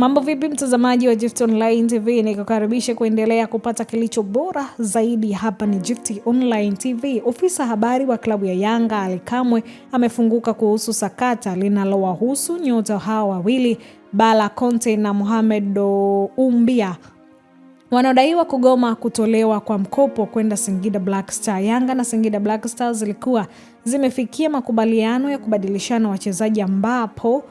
Mambo vipi, mtazamaji wa Gift Online TV, nikukaribishe kuendelea kupata kilicho bora zaidi. Hapa ni Gift Online TV. Ofisa habari wa klabu ya Yanga alikamwe amefunguka kuhusu sakata linalowahusu nyota hawa wawili Bala Conte na Mohamed umbia wanaodaiwa kugoma kutolewa kwa mkopo kwenda Singida Black Star. Yanga na Singida Black Stars zilikuwa zimefikia makubaliano ya kubadilishana wachezaji ambapo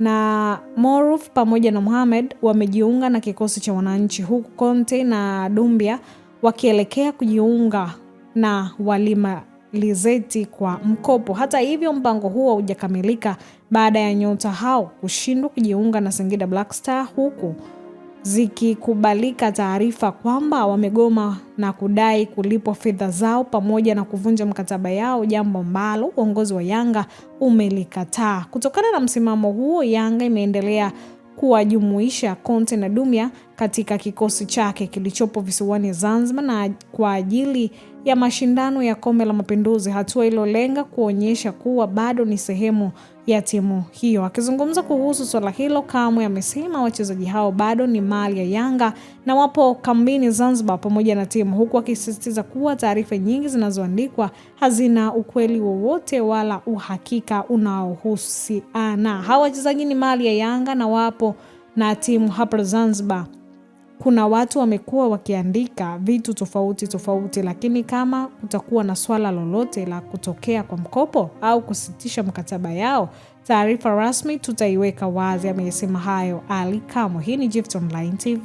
na Moruf pamoja na Mohamed wamejiunga na kikosi cha wananchi huku Conte na Dumbia wakielekea kujiunga na Walima Lizeti kwa mkopo. Hata hivyo, mpango huo haujakamilika baada ya nyota hao kushindwa kujiunga na Singida Black Star huku zikikubalika taarifa kwamba wamegoma na kudai kulipwa fedha zao pamoja na kuvunja mkataba yao, jambo ambalo uongozi wa Yanga umelikataa. Kutokana na msimamo huo, Yanga imeendelea kuwajumuisha Conte na Dumia katika kikosi chake kilichopo visiwani Zanzibar na kwa ajili ya mashindano ya Kombe la Mapinduzi, hatua iliyolenga kuonyesha kuwa bado ni sehemu ya timu hiyo. Akizungumza kuhusu swala hilo, Kamwe amesema wachezaji hao bado ni mali ya Yanga na wapo kambini Zanzibar pamoja na timu, huku akisisitiza kuwa taarifa nyingi zinazoandikwa hazina ukweli wowote wala uhakika unaohusiana. Hawa wachezaji ni mali ya Yanga na wapo na timu hapa Zanzibar kuna watu wamekuwa wakiandika vitu tofauti tofauti, lakini kama kutakuwa na swala lolote la kutokea kwa mkopo au kusitisha mkataba yao, taarifa rasmi tutaiweka wazi. Ameyasema hayo Ali Kamwe. Hii ni Gift Online TV.